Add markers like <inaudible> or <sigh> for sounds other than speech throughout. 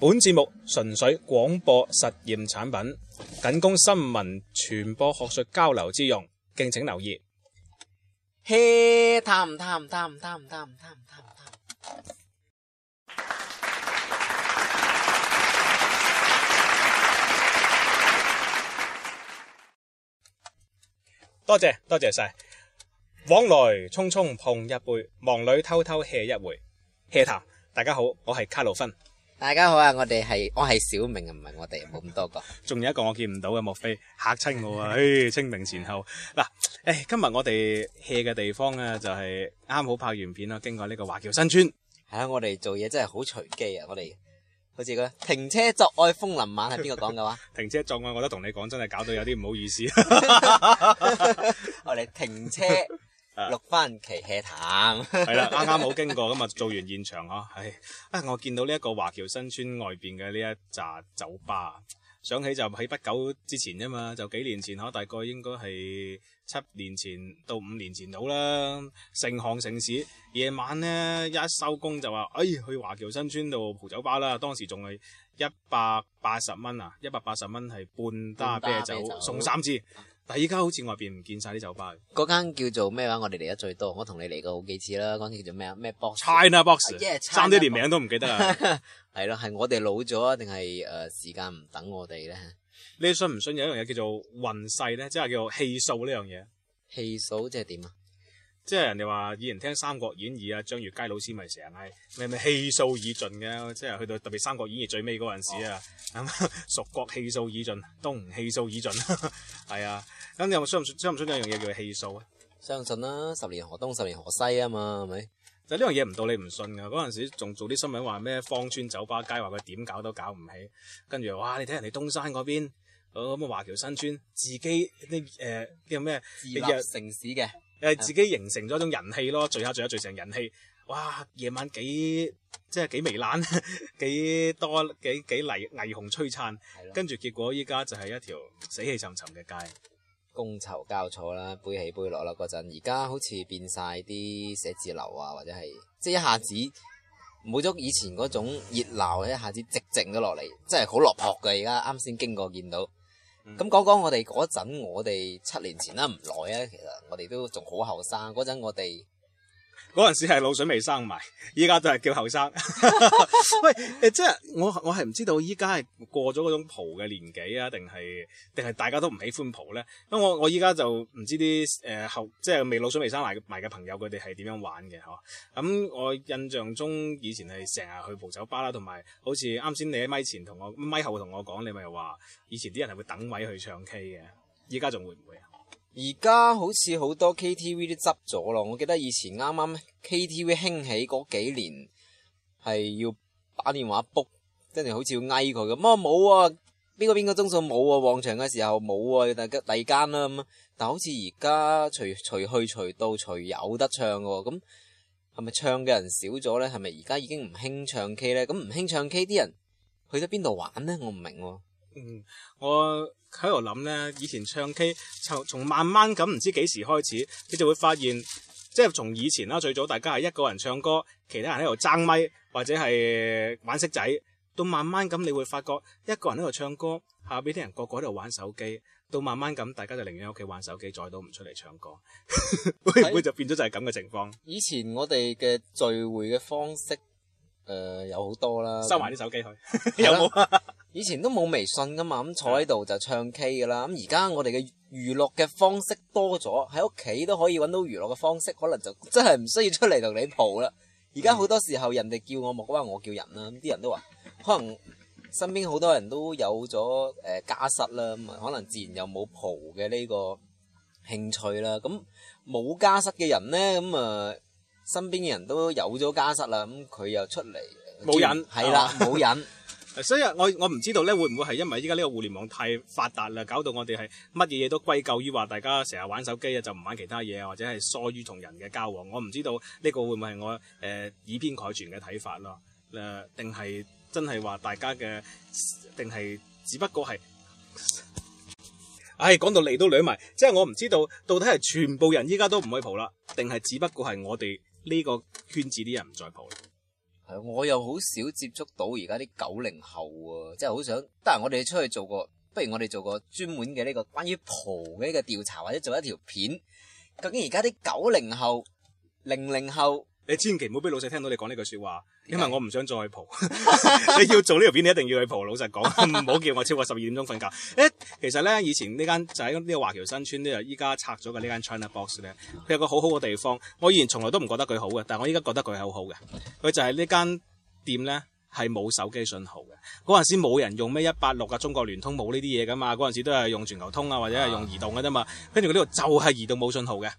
本節目純粹廣播實驗產品，僅供新聞傳播學術交流之用，敬請留意。HEA 談，唔談唔談唔談唔談唔談唔談唔談。多謝多謝晒，往來匆匆碰一杯，忙裏偷偷 HEA 一回。HEA 談，大家好，我係卡路芬。大家好啊！我哋係我係小明啊，唔係我哋冇咁多個。仲有一個我見唔到嘅莫非吓親我啊！唉，清明前後嗱，誒，今日我哋去嘅地方啊，就係啱好拍完片啦，經過呢個華僑新村。係啊，我哋做嘢真係好隨機啊！我哋好似個停車作愛楓林晚係邊個講嘅話？ <laughs> 停車作愛，我覺得同你講真係搞到有啲唔好意思。 <laughs> <laughs> 我哋停車。啊、錄返期 HEA 談，係 <laughs> 啦，啱啱冇經過咁啊，做完現場呵，係啊、 <laughs> 哎，我見到呢一個華僑新村外邊嘅呢一扎酒吧，想起就喺不久之前啫嘛，就幾年前呵，大概應該係七年前到五年前到啦，成行成市，夜晚呢，一收工就話，哎，去華僑新村度蒲酒吧啦，當時仲係一百八十蚊啊，一百八十蚊係半打啤酒，打啤酒送三支。啊但係依家好似外邊唔見晒啲酒吧。嗰間叫做咩話？我哋嚟得最多，我同你嚟過好幾次啦。嗰間叫做咩啊？咩 box？China Box。差啲，yeah，連名都唔記得啦。係咯， <laughs> 係我哋老咗啊？定係誒時間唔等我哋咧？你信唔信有一樣嘢叫做運勢咧？即係叫做氣數呢樣嘢？氣數即係點啊？即係人哋話，以前聽《三國演義》啊，張悅楷老師咪成日嗌咩咩氣數已盡嘅，即係去到特別《三國演義》最尾嗰陣時啊，蜀、哦、 <laughs> 國氣數已盡，東吳氣數已盡，係 <laughs> 啊。咁你有冇相唔相唔相、相、相信一樣嘢叫氣數啊？相信啦，十年河東，十年河西啊嘛，係咪？就呢樣嘢唔到你唔信噶。嗰陣時仲做啲新聞話咩？芳村酒吧街話佢點搞都搞唔起，跟住哇！你睇人哋東山嗰邊，咁啊華僑新村自己啲誒啲咩自立城市嘅。誒自己形成咗一種人氣咯，聚下聚下聚成人氣，哇！夜晚幾即係幾糜爛， <laughs> 幾多幾幾霓霓虹璀璨，跟住的結果依家就係一條死氣沉沉嘅街，觥籌交錯啦，杯起杯落啦嗰陣，而家好似變晒啲寫字樓啊，或者係即係一下子冇咗以前嗰種熱鬧，一下子寂靜咗落嚟，真係好落魄嘅而家，啱先經過見到。咁講講我哋嗰陣，我哋七年前啦，唔耐啊，其實我哋都仲好後生。嗰陣我哋。嗰陣時係腦囟未生埋，依家都係叫後生。 <laughs> 喂，誒、呃、即係我我係唔知道依家係過咗嗰種蒲嘅年紀啊，定係定係大家都唔喜歡蒲咧？因為我我依家就唔知啲誒、呃、後即係未腦囟未生埋埋嘅朋友佢哋係點樣玩嘅呵？咁我印象中以前係成日去蒲酒吧啦，同埋好似啱先你喺咪前同我咪後同我講，你咪話以前啲人係會等位去唱 K 嘅，依家仲會唔會啊？而家好似好多 KTV 都執咗咯。我記得以前啱啱 KTV 興起嗰幾年係要打電話 book，跟住好似要嗌佢咁，啊冇啊，邊個邊個鐘數冇啊，旺場嘅時候冇啊，大家第二間啦咁，但好似而家隨隨去隨到隨有得唱嘅，咁係咪唱嘅人少咗咧？係咪而家已經唔興唱 K 咧？咁唔興唱 K 啲人去咗邊度玩咧？我唔明、啊。嗯，我喺度諗呢，以前唱 K，從從慢慢咁唔知幾時開始，你就會發現，即係從以前啦，最早大家係一個人唱歌，其他人喺度爭咪，或者係玩骰仔，到慢慢咁，你會發覺一個人喺度唱歌，下邊啲人個個喺度玩手機，到慢慢咁，大家就寧願喺屋企玩手機，再都唔出嚟唱歌，會唔會就變咗就係咁嘅情況？以前我哋嘅聚會嘅方式。誒、呃，有好多啦，收埋啲手機去。 <laughs> 啦 <laughs> 以前都冇微信噶嘛，咁坐喺度就唱 K 噶啦。咁而家我哋嘅娛樂嘅方式多咗，喺屋企都可以揾到娛樂嘅方式，可能就真係唔需要出嚟同你蒲啦。而家好多時候人哋叫我木瓜，我叫人啦。咁啲人都話，可能身邊好多人都有咗誒家室啦，咁啊可能自然又冇蒲嘅呢個興趣啦。咁冇家室嘅人咧，咁啊。呃身邊嘅人都有咗家室啦，咁佢又出嚟冇癮，係啦冇癮。了人 <laughs> 所以，我我唔知道咧，會唔會係因為依家呢個互聯網太發達啦，搞到我哋係乜嘢嘢都歸咎於話大家成日玩手機啊，就唔玩其他嘢啊，或者係疏於同人嘅交往。我唔知道呢個會唔會係我誒、呃、以偏概全嘅睇法咯？誒、呃，定係真係話大家嘅，定係只不過係？唉、 <laughs> 哎，講到嚟都兩埋，即係我唔知道到底係全部人依家都唔去蒲啦，定係只不過係我哋？呢個圈子啲人唔再蒲啦，係我又好少接觸到而家啲九零後喎、啊，即係好想，得閒我哋出去做個，不如我哋做個專門嘅呢、呢個關於蒲嘅一個調查，或者做一條片，究竟而家啲九零後、零零後。你千祈唔好俾老細聽到你講呢句說話，因為我唔想再去蒲。 <laughs> 你要做呢條片，你一定要去蒲，老實講，唔 <laughs> 好叫我超過十二點鐘瞓覺。誒，其實咧以前呢間就喺、是、呢個華僑新村呢度，依家拆咗嘅呢間 China Box 咧，佢有個好好嘅地方。我以前從來都唔覺得佢好嘅，但係我依家覺得佢係好好嘅。佢就係呢間店咧係冇手機信號嘅。嗰陣時冇人用咩一八六啊，中國聯通冇呢啲嘢噶嘛。嗰陣時都係用全球通啊，或者係用移動嘅啫嘛。跟住佢呢度就係移動冇信號嘅。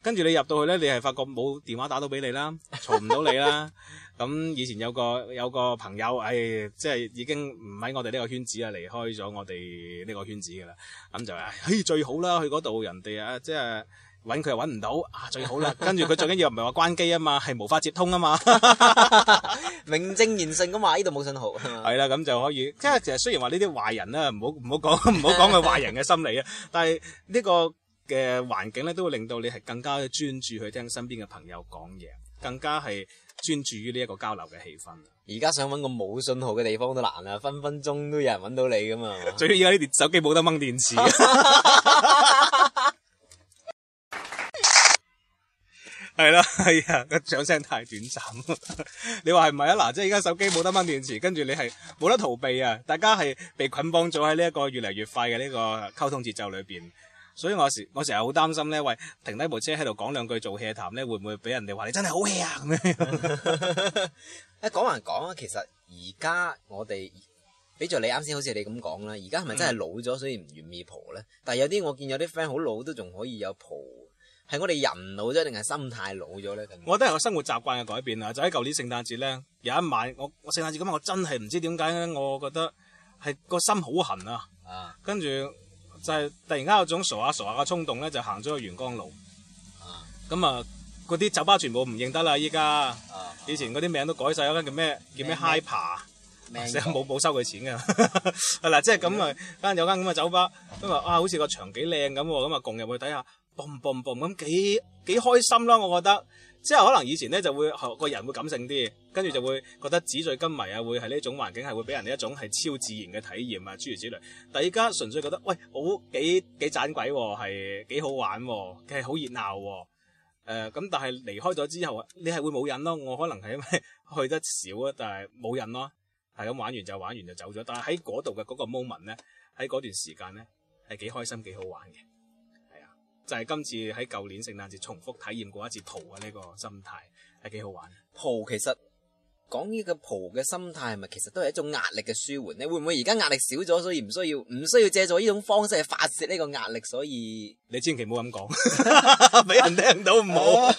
跟住你入到去咧，你係發覺冇電話打到俾你啦，嘈唔到你啦。咁以前有個有個朋友，唉、哎，即係已經唔喺我哋呢個圈子啦，離開咗我哋呢個圈子噶啦。咁就唉、哎、最好啦，去嗰度人哋啊，即係搵佢又搵唔到啊，最好啦。跟住佢最緊要唔係話關機啊嘛，係無法接通啊嘛，哈哈，名正言順咁話呢度冇信號。係啦、嗯，咁就可以。即係其實雖然話呢啲壞人啦，唔好唔好講唔好講佢壞人嘅心理啊，但係呢、呢個。嘅環境咧，都會令到你係更加專注去聽身邊嘅朋友講嘢，更加係專注於呢一個交流嘅氣氛。而家想揾個冇信號嘅地方都難啦、啊，分分鐘都有人揾到你㗎嘛。最緊要啲手機冇得掹電池。係啦，係、哎、啊，個掌聲太短暫。 <laughs> 你話係唔係啊？嗱，即係而家手機冇得掹電池，跟住你係冇得逃避啊！大家係被捆綁咗喺呢一個越嚟越快嘅呢個溝通節奏裏邊。所以我有時我成日好擔心咧，喂，停低部車喺度講兩句做 HEA 談咧，會唔會俾人哋話你真係好 HEA 啊？咁樣一講還講啊，其實而家我哋，比咗你啱先，好似你咁講啦，而家係咪真係老咗，所以唔願意蒲咧？嗯、但係有啲我見有啲 friend 好老都仲可以有蒲，係我哋人老咗定係心態老咗咧？我覺得係生活習慣嘅改變啊！就喺舊年聖誕節咧，有一晚我我聖誕節咁我真係唔知點解咧，我覺得係個心好痕啊，啊跟住。就係突然間有種傻下傻下嘅衝動咧，就行咗去元江路。咁啊，嗰啲酒吧全部唔認得啦依家。啊啊、以前嗰啲名都改晒，有間叫咩？名叫咩 Hyper？死啦冇，冇名收佢錢㗎。嗱，即係咁啊，間有間咁嘅酒吧，咁、嗯、啊，啊好似個場看看砰砰砰砰幾靚咁，咁啊，共入去睇下，boom boom boom 咁幾幾開心啦、啊，我覺得。即係可能以前咧就會個人會感性啲，跟住就會覺得紙醉金迷啊，會係呢種環境係會俾人一種係超自然嘅體驗啊，諸如此類。但係而家純粹覺得，喂，好幾幾盞鬼喎、啊，係幾好玩、啊，佢係好熱鬧喎。誒、呃，咁但係離開咗之後啊，你係會冇癮咯。我可能係因為去得少啊，但係冇癮咯，係咁玩完就玩完就走咗。但係喺嗰度嘅嗰個 moment 咧，喺嗰段時間咧係幾開心幾好玩嘅。就係今次喺舊年聖誕節重複體驗過一次蒲嘅呢個心態，係幾好玩。蒲，其實講呢個蒲嘅心態係咪其實都係一種壓力嘅舒緩，你會唔會而家壓力少咗，所以唔需要唔需要借助呢種方式去發泄呢個壓力？所以你千祈唔好咁講，俾 <laughs> <laughs> <laughs> 人聽到唔好。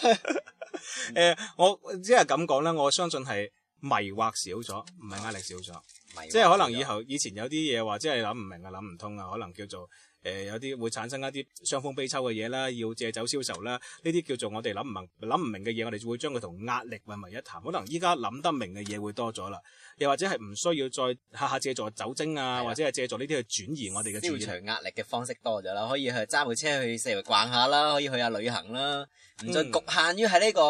誒，我即係咁講咧，我相信係迷惑少咗，唔係壓力少咗。少即係可能以後以前有啲嘢話，真係諗唔明啊，諗唔通啊，可能叫做。誒、呃，有啲會產生一啲傷風悲秋嘅嘢啦，要借酒消愁啦，呢啲叫做我哋諗唔明、諗唔明嘅嘢，我哋就會將佢同壓力混為一談。可能依家諗得明嘅嘢會多咗啦，又或者係唔需要再下下借助酒精啊，或者係借助呢啲去轉移我哋嘅。消除壓力嘅方式多咗啦，可以去揸部車去四圍逛下啦，可以去下旅行啦，唔再局限於喺呢、這個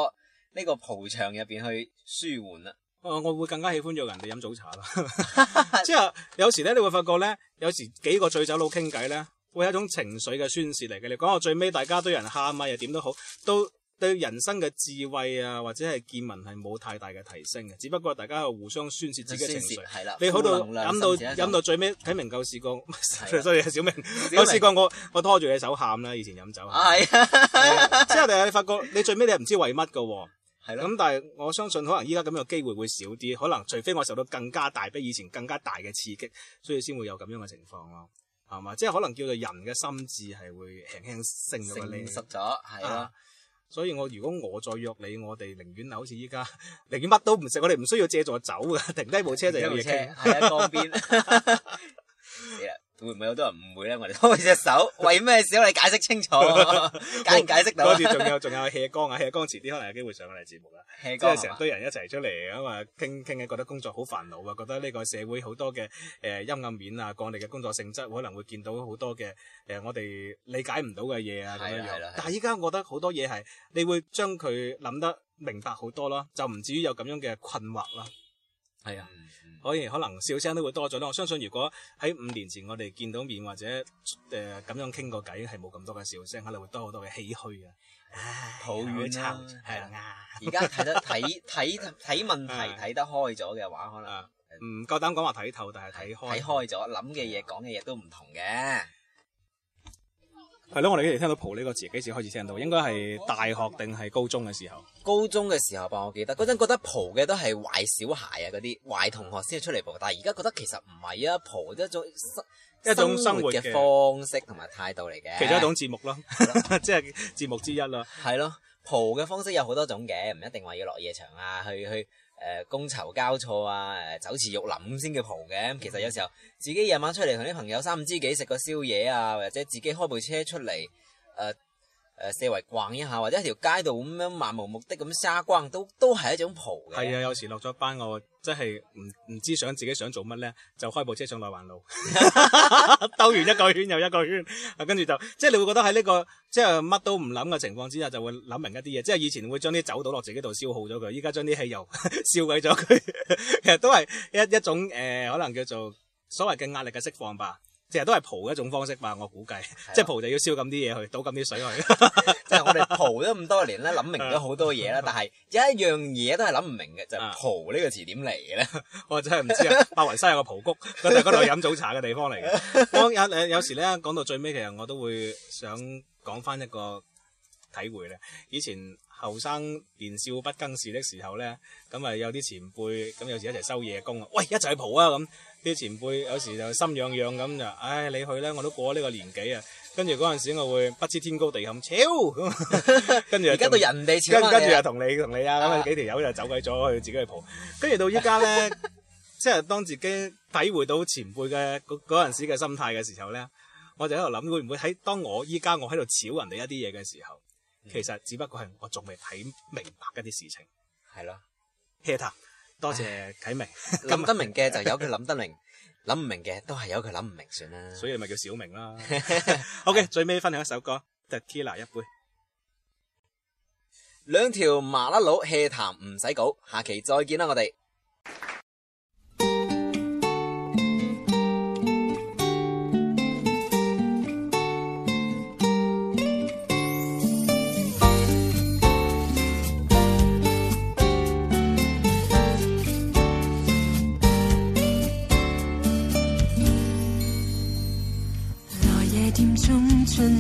呢、嗯、個蒲場入邊去舒緩啦、嗯。我會更加喜歡約人哋飲早茶啦， <laughs> <laughs> <laughs> 即係有時咧，你會發覺咧，有時幾個醉酒佬傾偈咧。會有一種情緒嘅宣泄嚟嘅，你講到最尾大家都有人喊啊，又點都好，都對人生嘅智慧啊，或者係見聞係冇太大嘅提升嘅，只不過大家係互相宣泄自己嘅情緒。係啦，你好到飲到飲到最尾睇明舊事過，所以的小明有試過我我拖住你手喊啦，以前飲酒。係啊，即、 <laughs> 嗯、你發覺你最尾你係唔知為乜嘅，係咯的。咁、嗯、但係我相信可能依家咁嘅機會會少啲，可能除非我受到更加大比以前更加大嘅刺激，所以先會有咁樣嘅情況咯。係嘛，即係可能叫做人嘅心智係會輕輕升咗嘅，成熟咗，係啊，所以我如果我再約你，我哋 <laughs> 寧願好似依家，寧願乜都唔食，我哋唔需要借助酒嘅， <laughs> 停低部車就有嘢傾，係 <laughs> <laughs> 啊，江邊。 <laughs> <laughs> 會唔會好多人誤會咧？我哋開隻手為，為咩少？你解釋清楚， <laughs> 解唔解釋到？嗰 <laughs> 次仲有仲有謝光啊，謝光遲啲可能有機會上我哋節目啦。即係成堆人一齊出嚟，咁啊，傾傾啊，覺得工作好煩惱啊，覺得呢個社會好多嘅誒陰暗面啊，講你嘅工作性質，可能會見到好多嘅誒我哋理解唔到嘅嘢啊咁樣樣。但係依家我覺得好多嘢係你會將佢諗得明白好多咯，就唔至於有咁樣嘅困惑咯。係啊，嗯嗯、可以可能笑聲都會多咗咯。我相信如果喺五年前我哋見到面或者誒咁、呃、樣傾過偈，係冇咁多嘅笑聲，可能會多好多嘅唏噓啊。抱怨啦，係啊， <laughs> 而家睇得睇睇睇問題睇得開咗嘅話，可能唔夠膽講話睇透，但係睇開睇開咗，諗嘅嘢講嘅嘢都唔同嘅。係咯，我哋以前聽到蒲呢個詞，幾時開始聽到？應該係大學定係高中嘅時候。高中嘅時候吧，我記得嗰陣覺得蒲嘅都係壞小孩啊，嗰啲壞同學先出嚟蒲。但係而家覺得其實唔係啊，蒲一種生一種生活嘅方式同埋態度嚟嘅，其中一種節目咯，即係節目之一啦。係咯，蒲嘅 <laughs> 方式有好多種嘅，唔一定話要落夜場啊，去去。誒觥籌交錯啊，誒、呃、酒池肉林先叫蒲嘅。其實有時候自己夜晚出嚟同啲朋友三五知己食個宵夜啊，或者自己開部車出嚟誒。呃誒，四圍逛一下，或者喺條街度咁樣漫無目，目的咁沙光，都都係一種蒲嘅。係啊，有時落咗班，我即係唔唔知想自己想做乜咧，就開部車上內環路，兜 <laughs> <laughs> 完一個圈又一個圈，跟住就即係你會覺得喺呢、這個即係乜都唔諗嘅情況之下，就會諗明一啲嘢。即係以前會將啲酒倒落自己度消耗咗佢，依家將啲汽油燒毀咗佢，其實都係一一種誒、呃，可能叫做所謂嘅壓力嘅釋放吧。成日都係蒲嘅一種方式嘛，我估計，的即係蒲就要燒咁啲嘢去，倒咁啲水去。即係我哋蒲咗咁多年咧，諗 <laughs> 明咗好多嘢啦， <laughs> 但係有一樣嘢都係諗唔明嘅，就係蒲呢個詞點嚟嘅咧？我真係唔知啊！白雲山有個蒲谷，嗰度嗰度飲早茶嘅地方嚟嘅。我 <laughs> 有有時咧講到最尾，其實我都會想講翻一個體會咧。以前。後生年少不更事的時候咧，咁、嗯、啊有啲前輩咁、嗯、有時一齊收夜工啊，喂，一齊蒲啊，咁啲前輩有時就心癢癢咁就，唉、哎、你去咧我都過呢個年紀啊，跟住嗰陣時我會不知天高地厚，超，跟住而家到人哋跟住又同你同你啊，咁啊、 <laughs> 嗯、幾條友就走鬼咗去自己去蒲，跟住到依家咧， <laughs> 即係當自己體會到前輩嘅嗰嗰陣時嘅心態嘅時候咧，我就喺度諗會唔會喺當我依家我喺度超人哋一啲嘢嘅時候。其實只不過係我仲未睇明白一啲事情，係咯，hea 談，多謝啟明，諗得明嘅就由佢諗得明，諗唔明嘅都係由佢諗唔明算啦。所以咪叫小明啦。OK，最尾分享一首歌，得 Killer 一杯，兩條麻甩佬 hea 談唔使稿，下期再見啦，我哋。